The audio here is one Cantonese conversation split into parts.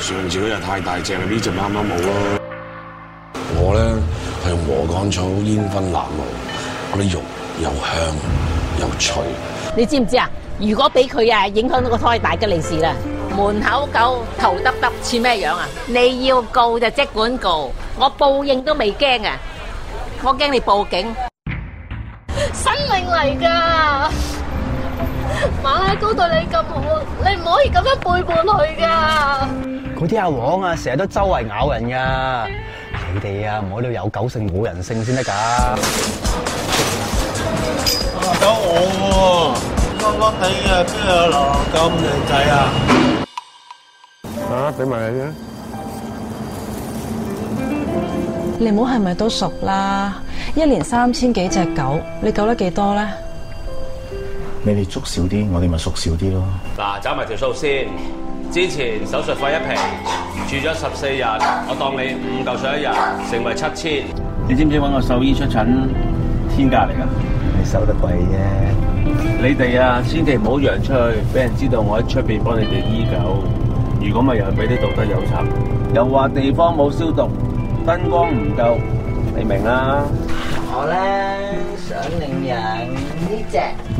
上次嗰隻太大隻啦，呢隻啱啱好咯。我咧係用禾稈草煙熏臘肉，啲肉又香又脆。你知唔知啊？如果俾佢啊影響到個胎，大吉利是啦。門口狗頭耷耷，似咩樣啊？你要告就即管告，我報應都未驚啊！我驚你報警，生命嚟㗎。都對你咁好，你唔可以咁樣背叛佢噶。嗰啲阿黃啊，成日都周圍咬人噶。你哋啊，唔可以有狗性冇人性先得噶。狗王喎，我我你啊，邊有咁靚仔啊？啊，俾埋你先。你唔好係咪都熟啦？一年三千幾隻狗，你救得幾多咧？你哋捉少啲，我哋咪縮少啲咯。嗱，走埋條數先。之前手術費一平，住咗十四日，我當你五嚿水一日，成為七千。你知唔知搵個獸醫出診天價嚟㗎？你收得貴啫。你哋啊，千祈唔好揚出去，俾人知道我喺出邊幫你哋醫狗。如果咪又係俾啲道德有賊，又話地方冇消毒，燈光唔夠，你明啦。我咧想領養呢隻。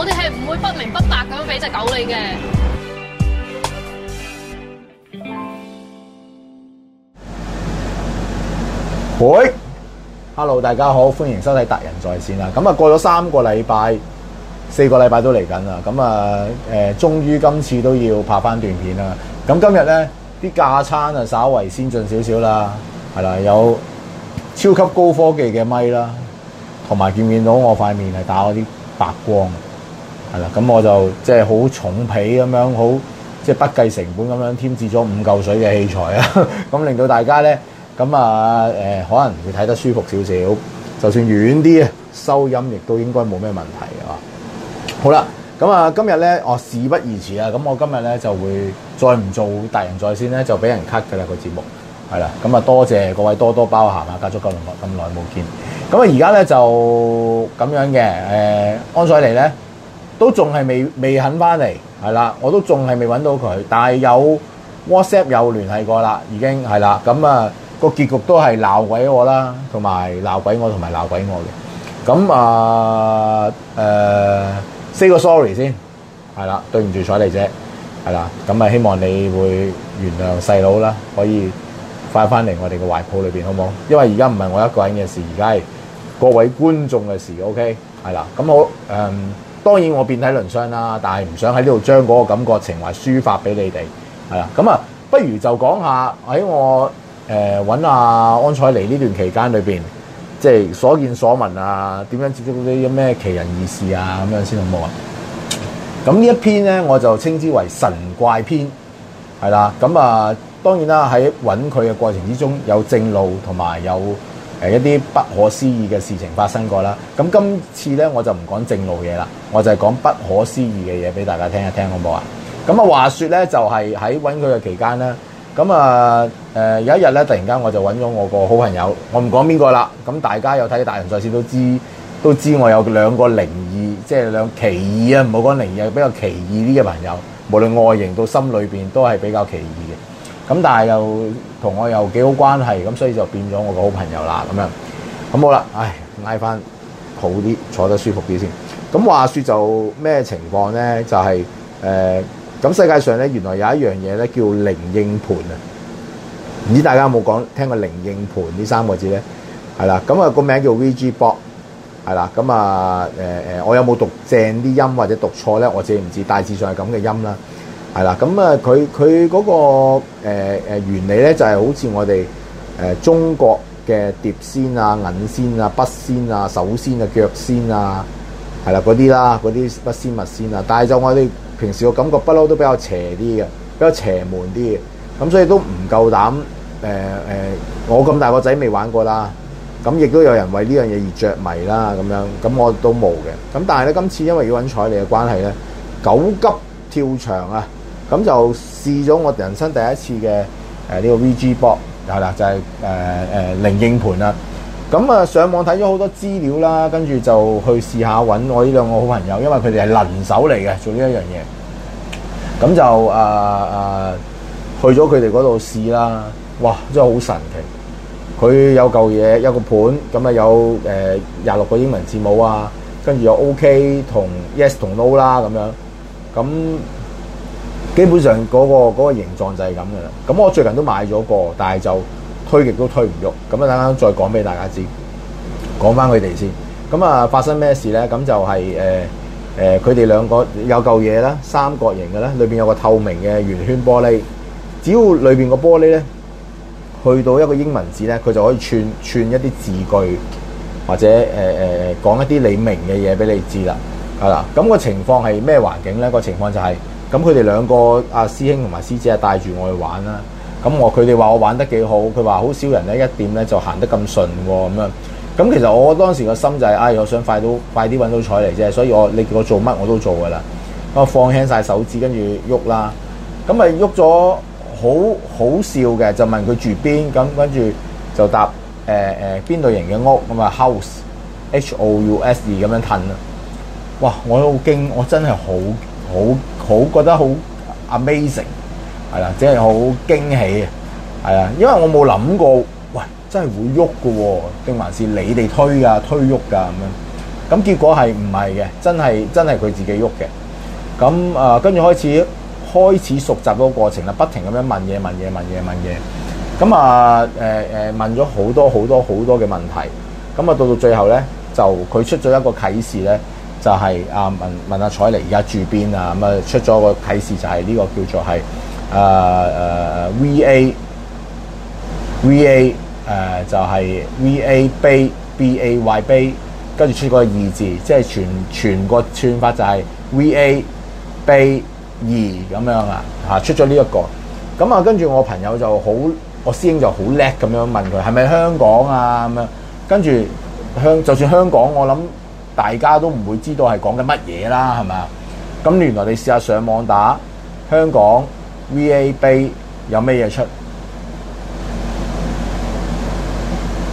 我哋係唔會不明不白咁樣俾隻狗你嘅。喂，Hello，大家好，歡迎收睇達仁在線啦。咁啊，過咗三個禮拜，四個禮拜都嚟緊啦。咁啊，誒，終於今次都要拍翻段片啦。咁今日咧，啲架餐啊，稍為先進少少啦，係啦，有超級高科技嘅咪啦，同埋見唔見到我塊面係打咗啲白光？係啦，咁我就即係好重皮咁樣，好即係不計成本咁樣添置咗五嚿水嘅器材啊！咁令到大家咧，咁啊誒，可能會睇得舒服少少，就算遠啲啊，收音亦都應該冇咩問題啊！好啦，咁啊今日咧，我事不宜遲啊！咁我今日咧就會再唔做達仁在線咧，就俾人 cut 㗎啦個節目。係啦，咁啊多謝各位多多包涵啊！隔咗咁耐咁耐冇見，咁啊而家咧就咁樣嘅、嗯、安水嚟咧。都仲係未未肯翻嚟，係啦，我都仲係未揾到佢，但係有 WhatsApp 有聯繫過啦，已經係啦，咁啊個結局都係鬧鬼我啦，同埋鬧鬼我同埋鬧鬼我嘅，咁啊誒 say 個 sorry 先，係啦，對唔住采妮姐，係啦，咁啊希望你會原諒細佬啦，可以快翻嚟我哋個懷抱裏邊好冇？因為而家唔係我一個人嘅事，而家係各位觀眾嘅事，OK，係啦，咁我嗯。當然我遍體鱗傷啦，但係唔想喺呢度將嗰個感覺、情懷抒發俾你哋，係啦。咁啊，不如就講下喺我誒搵阿安采妮呢段期間裏邊，即係所見所聞啊，點樣接觸啲咩奇人異事啊，咁樣先好冇啊。咁呢一篇咧，我就稱之為神怪篇，係啦。咁啊，當然啦，喺搵佢嘅過程之中，有正路同埋有，有。誒一啲不可思議嘅事情發生過啦，咁今次呢，我就唔講正路嘢啦，我就係講不可思議嘅嘢俾大家聽一聽，好唔好啊？咁啊話説呢，就係喺揾佢嘅期間啦，咁啊，有一日呢，突然間我就揾咗我個好朋友，我唔講邊個啦，咁大家有睇《達仁在線》都知都知我有兩個靈異，即係兩奇異啊！唔好講靈異，比較奇異啲嘅朋友，無論外形到心裏面，都係比較奇異嘅。咁但係又同我又幾好關係，咁所以就變咗我個好朋友啦。咁樣咁好啦，唉，拉翻好啲，坐得舒服啲先。咁話說就咩情況咧？就係、是、咁、呃、世界上咧，原來有一樣嘢咧叫零應盤靈應盤啊！唔知大家有冇講聽過靈應盤呢三個字咧？係啦，咁、那、啊個名叫 VG Box 係啦，咁啊、呃、我有冇讀正啲音或者讀錯咧？我自己唔知，大致上係咁嘅音啦。係啦，咁啊，佢佢嗰個誒、呃、原理咧，就係、是、好似我哋誒、呃、中國嘅碟仙啊、銀仙啊、筆仙啊、手仙啊、腳仙啊，係啦嗰啲啦，嗰啲筆仙物仙啊，但係就我哋平時個感覺不嬲都比較邪啲嘅，比較邪門啲嘅，咁所以都唔夠膽誒、呃呃、我咁大個仔未玩過啦，咁亦都有人為呢樣嘢而著迷啦，咁樣，咁我都冇嘅，咁但係咧，今次因為要搵采妮嘅關係咧，狗急跳牆啊！咁就試咗我人生第一次嘅呢個 VG Box，係啦，就係誒誒靈應盤啦。咁啊上網睇咗好多資料啦，跟住就去試下揾我呢兩個好朋友，因為佢哋係能手嚟嘅做呢一樣嘢。咁就、呃呃、去咗佢哋嗰度試啦。哇！真係好神奇。佢有嚿嘢，有個盤，咁啊有誒廿六個英文字母啊，跟住有 OK 同 Yes 同 No 啦咁樣，咁。基本上嗰個嗰個形狀就係咁噶啦。咁我最近都買咗個，但係就推極都推唔喐。咁啊，等陣再講俾大家知。講翻佢哋先。咁啊，發生咩事咧？咁就係誒誒，佢哋兩個有嚿嘢啦，三角形嘅咧，裏邊有個透明嘅圓圈玻璃。只要裏邊個玻璃咧，去到一個英文字咧，佢就可以串串一啲字句，或者誒誒講一啲你明嘅嘢俾你知啦。係啦，咁個情況係咩環境咧？個情況就係。咁佢哋兩個阿師兄同埋師姐啊，帶住我去玩啦，咁我佢哋話我玩得幾好，佢話好少人咧，一點咧就行得咁順喎，咁樣，咁其實我當時個心就係，唉，我想快到快啲搵到彩嚟啫，所以我你叫我做乜我都做噶啦，我放輕晒手指跟住喐啦，咁咪喐咗好好笑嘅，就問佢住邊，咁跟住就答誒誒邊度型嘅屋，咁啊 house，H-O-U-S-E 咁樣褪啦，哇！我都好驚，我真係好～好好覺得好 amazing 係啦，即係好驚喜啊！係啊，因為我冇諗過，喂，真係會喐㗎喎，定還是你哋推啊推喐㗎咁樣？咁結果係唔係嘅？真係真係佢自己喐嘅。咁啊，跟、呃、住開始開始熟習嗰個過程啦，不停咁樣問嘢問嘢問嘢問嘢。咁啊、呃、問咗好多好多好多嘅問題。咁啊到到最後咧，就佢出咗一個啟示咧。就係、是、啊問問阿采妮而家住邊？啊咁啊，出咗個提示就係呢個叫做係誒誒 V A V A 誒就係 V A Bay B A Y Bay，跟住出一個二字，即、就、係、是、全全個串法就係 V A Bay 二，咁樣啊嚇出咗呢一個。咁啊，跟住我朋友就好，我師兄就好叻，咁樣問佢係咪香港啊？咁樣跟住香就算香港我諗。大家都唔會知道係講緊乜嘢啦，係嘛？咁原來你試下上網打香港 V A 杯有咩嘢出？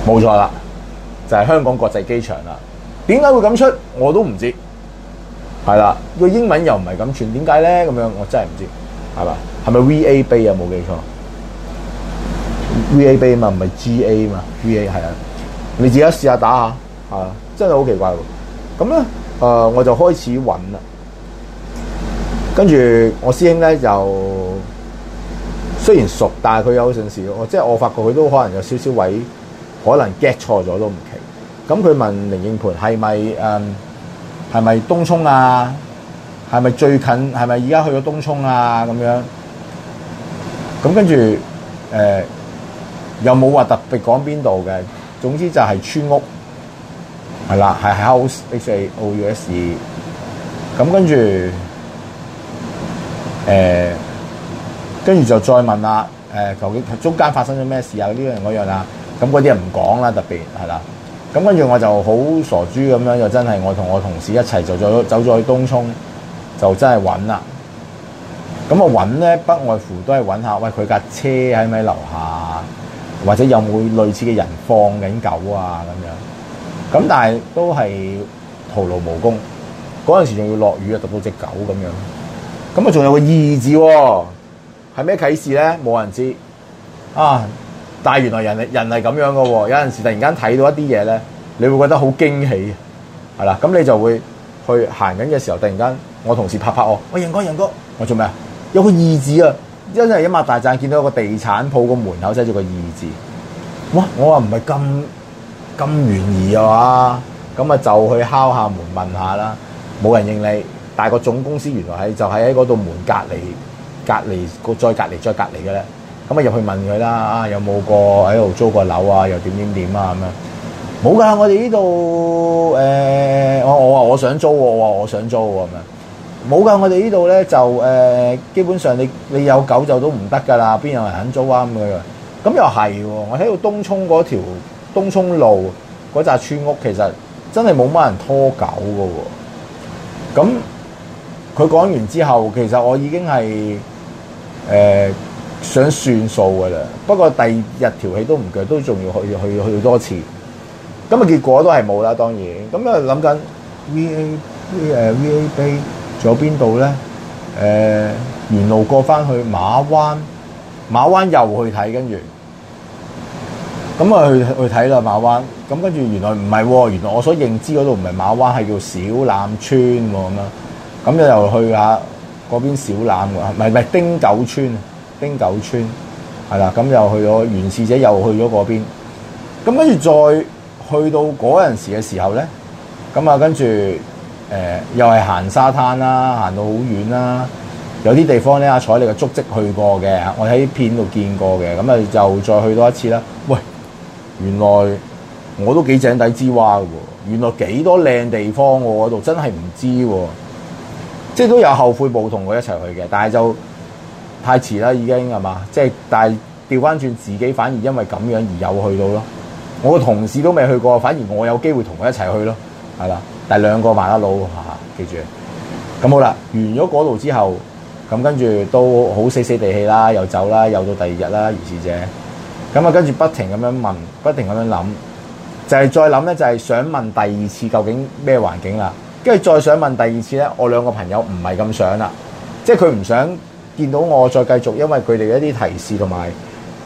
冇錯啦，就係、是、香港國際機場啦。點解會咁出我都唔知係啦。個英文又唔係咁串，點解咧？咁樣我真係唔知係嘛？係咪 V A 杯啊？冇記錯 V A 杯啊嘛，唔係 G A 嘛？V A 係啊。你自己試打一下打下嚇，真係好奇怪喎！咁咧，誒我就開始揾啦，跟住我師兄咧就雖然熟，但係佢有陣時，我即係我發覺佢都可能有少少位，可能 get 錯咗都唔奇。咁佢問靈應盤係咪係咪東涌啊？係咪最近？係咪而家去咗東涌啊？咁樣。咁跟住誒又冇話特別講邊度嘅，總之就係村屋。係啦，係 house，h a o u s e，咁跟住，誒、欸，跟住就再問啦，誒、欸，究竟中間發生咗咩事啊？呢樣嗰樣啦，咁嗰啲人唔講啦，特別係啦，咁跟住我就好傻豬咁樣，就真係我同我同事一齊就走走咗去東涌，就真係揾啦。咁我揾咧，不外乎都係揾下，喂，佢架車喺咪喺樓下，或者有冇類似嘅人放緊狗啊咁樣。咁但係都係徒勞無功，嗰陣時仲要落雨啊，揼到隻狗咁樣，咁啊仲有個意字，係咩啟示咧？冇人知啊！但係原來人係人係咁樣噶，有陣時突然間睇到一啲嘢咧，你會覺得好驚喜，係啦，咁你就會去行緊嘅時候，突然間我同事拍拍我，喂，仁哥仁哥，我做咩啊？有個意字啊，因為喺馬大站見到個地產鋪個門口寫住個意字，哇！我話唔係咁。咁懸疑啊，話，咁啊就去敲下門問下啦，冇人認你。但係個總公司原來喺就喺喺嗰度門隔離隔離再隔離再隔離嘅咧，咁啊入去問佢啦啊，有冇個喺度租個樓啊？又點點點啊咁樣，冇噶。我哋呢度我我話我想租，我我想租咁樣，冇噶。我哋呢度咧就、欸、基本上你你有狗就都唔得噶啦，邊有人肯租啊咁嘅。咁又係喎，我喺度東涌嗰條。東涌路嗰紮村屋其實真係冇乜人拖狗嘅喎，咁佢講完之後，其實我已經係誒、呃、想算數嘅啦。不過第二日條氣都唔夠，都仲要去去去多次。咁啊結果都係冇啦，當然。咁啊諗緊 V A V V A Bay 仲有邊度咧？誒、呃、沿路過翻去馬灣，馬灣又去睇跟住。咁啊去去睇啦馬灣，咁跟住原來唔係喎，原來我所認知嗰度唔係馬灣，係叫小欖村喎咁啦。咁又又去下嗰邊小欖喎，唔係唔係丁九村，丁九村係啦。咁又去咗原始者，又去咗嗰邊。咁跟住再去到嗰陣時嘅時候咧，咁啊跟住誒又係行沙灘啦，行到好遠啦。有啲地方咧，阿彩你嘅足跡去過嘅，我喺片度見過嘅，咁啊又再去多一次啦。喂！原來我都幾井底之蛙喎，原來幾多靚地方我嗰度真係唔知喎，即係都有後悔冇同佢一齊去嘅，但係就太遲啦已經係嘛，即係但係調翻轉自己反而因為咁樣而有去到咯，我個同事都未去過，反而我有機會同佢一齊去咯，係啦，但係兩個麻甩佬嚇，記住，咁好啦，完咗嗰度之後，咁跟住都好死死地氣啦，又走啦，又到第二日啦，如是者。咁啊，跟住不停咁樣問，不停咁樣諗，就係、是、再諗咧，就係想問第二次究竟咩環境啦。跟住再想問第二次咧，我兩個朋友唔係咁想啦，即係佢唔想見到我再繼續，因為佢哋一啲提示同埋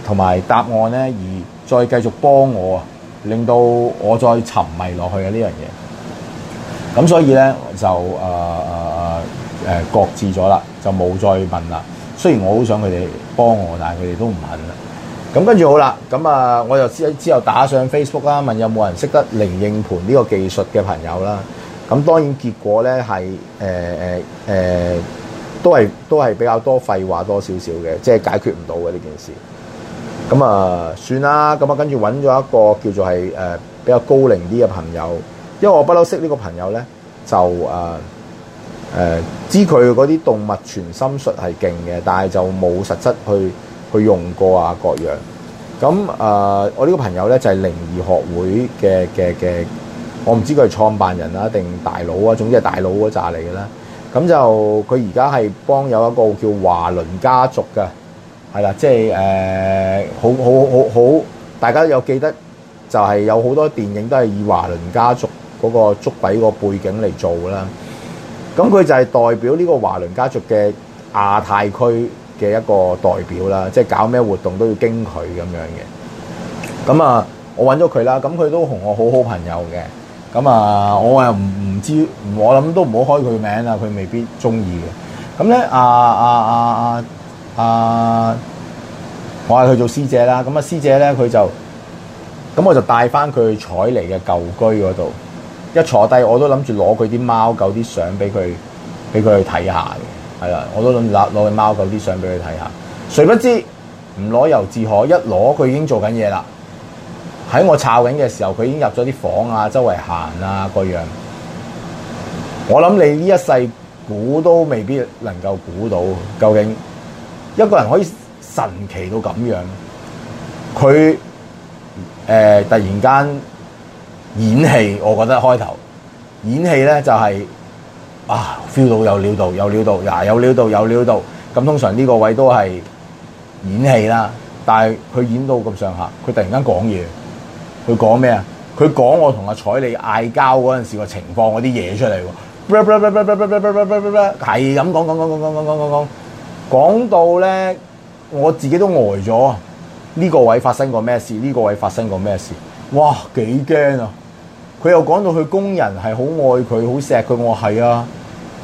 同埋答案咧，而再繼續幫我，令到我再沉迷落去嘅呢樣嘢。咁所以咧就誒誒、呃呃、擱置咗啦，就冇再問啦。雖然我好想佢哋幫我，但係佢哋都唔肯啦。咁跟住好啦，咁啊，我又之之後打上 Facebook 啦，問有冇人識得靈應盤呢個技術嘅朋友啦。咁當然結果咧係誒誒都係都係比較多廢話多少少嘅，即係解決唔到嘅呢件事。咁啊，算啦。咁啊，跟住揾咗一個叫做係誒比較高齡啲嘅朋友，因為我不嬲識呢個朋友咧，就啊誒知佢嗰啲動物傳心術係勁嘅，但係就冇實質去。佢用過啊各樣，咁誒、呃，我呢個朋友咧就係、是、靈異學會嘅嘅嘅，我唔知佢係創辦人啊定大佬啊，總之係大佬嗰扎嚟嘅啦。咁就佢而家係幫有一個叫華倫家族嘅。係啦，即係誒，好好好好，大家有記得就係有好多電影都係以華倫家族嗰個捉鬼個背景嚟做啦。咁佢就係代表呢個華倫家族嘅亞太區。嘅一個代表啦，即係搞咩活動都要經佢咁樣嘅。咁啊，我揾咗佢啦，咁佢都同我好好朋友嘅。咁啊，我又唔唔知，我諗都唔好開佢名啊，佢未必中意嘅。咁咧，啊啊啊啊，阿，我係佢做師姐啦。咁啊，師姐咧佢就，咁我就帶翻佢去采妮嘅舊居嗰度，一坐低我都諗住攞佢啲貓狗啲相俾佢，俾佢去睇下嘅。係啦，我都諗住攞攞佢貓狗啲相俾佢睇下。誰不知唔攞由自可，一攞佢已經做緊嘢啦。喺我炒緊嘅時候，佢已經入咗啲房啊，周圍行啊，各樣。我諗你呢一世估都未必能夠估到，究竟一個人可以神奇到咁樣？佢、呃、突然間演戲，我覺得開頭演戲咧就係、是。啊 feel 到有料到，有料到，有料到，有料到，有料到。咁通常呢個位都係演戲啦，但係佢演到咁上下，佢突然間講嘢，佢講咩啊？佢講我同阿采妮嗌交嗰陣時個情況嗰啲嘢出嚟喎，係咁講講講講講講講講講講到咧，我自己都呆咗。呢個位發生過咩事？呢個位發生過咩事？哇，幾驚啊！佢又講到佢工人係好愛佢，好錫佢，我話係啊。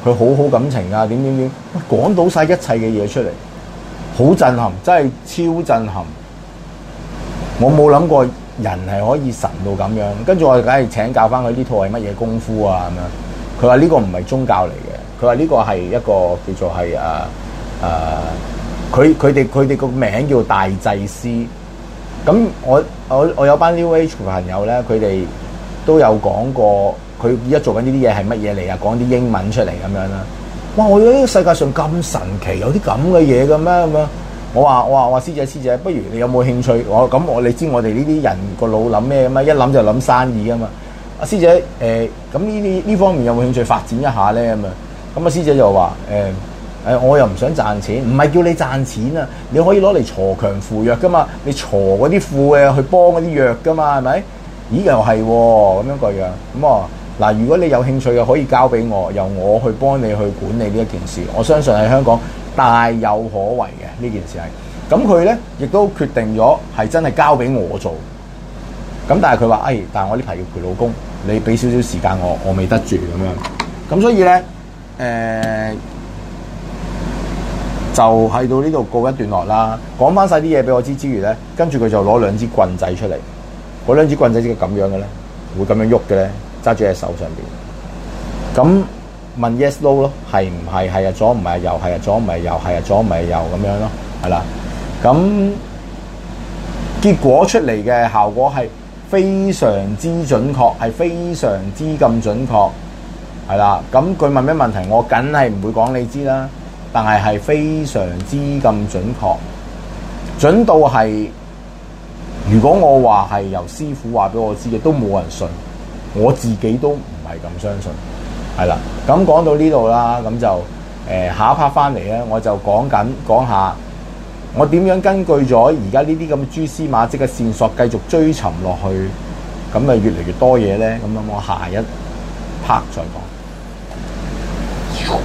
佢好好感情啊，點點點，講到晒一切嘅嘢出嚟，好震撼，真係超震撼。我冇諗過人係可以神到咁樣，跟住我梗係請教返佢呢套係乜嘢功夫啊咁樣。佢話呢個唔係宗教嚟嘅，佢話呢個係一個叫做係誒佢佢哋佢哋個名叫大祭師。咁我我我有班 new age 朋友咧，佢哋都有講過。佢而家做緊呢啲嘢係乜嘢嚟啊？講啲英文出嚟咁樣啦！哇！我覺得呢個世界上咁神奇，有啲咁嘅嘢嘅咩咁啊？我話我話我師姐師姐，不如你有冇興趣？我咁我你知我哋呢啲人個腦諗咩啊嘛？一諗就諗生意啊嘛！阿師姐誒咁呢啲呢方面有冇興趣發展一下咧咁啊？咁、嗯、啊師姐就話誒誒，我又唔想賺錢，唔係叫你賺錢啊！你可以攞嚟鋤強扶弱噶嘛，你鋤嗰啲富嘅去幫嗰啲弱噶嘛，係咪？咦又係喎咁樣個樣咁啊！嗯嗱，如果你有興趣嘅，可以交俾我，由我去幫你去管理呢一件事。我相信喺香港大有可為嘅呢件事係咁。佢咧亦都決定咗係真係交俾我做咁、哎，但係佢話，誒，但係我呢排要陪老公，你俾少少時間我，我未得住咁樣。咁所以咧，誒、呃、就喺到呢度告一段落啦。講翻晒啲嘢俾我知，之餘咧，跟住佢就攞兩支棍仔出嚟，嗰兩支棍仔點解咁樣嘅咧？會咁樣喐嘅咧？揸住喺手上邊，咁問 yes no 咯，係唔係？係啊，左唔係啊，右係啊，左唔係右係啊，左唔係右咁樣咯，係啦。咁結果出嚟嘅效果係非常之準確，係非常之咁準確，係啦。咁佢問咩問題，我梗係唔會講你知啦。但係係非常之咁準確，準到係如果我話係由師傅話俾我知嘅，都冇人信。我自己都唔係咁相信，係啦。咁講到呢度啦，咁就誒下一 part 翻嚟咧，我就講緊講下我點樣根據咗而家呢啲咁蛛絲馬跡嘅線索，繼續追尋落去，咁咪越嚟越多嘢咧。咁樣我下一 part 再講。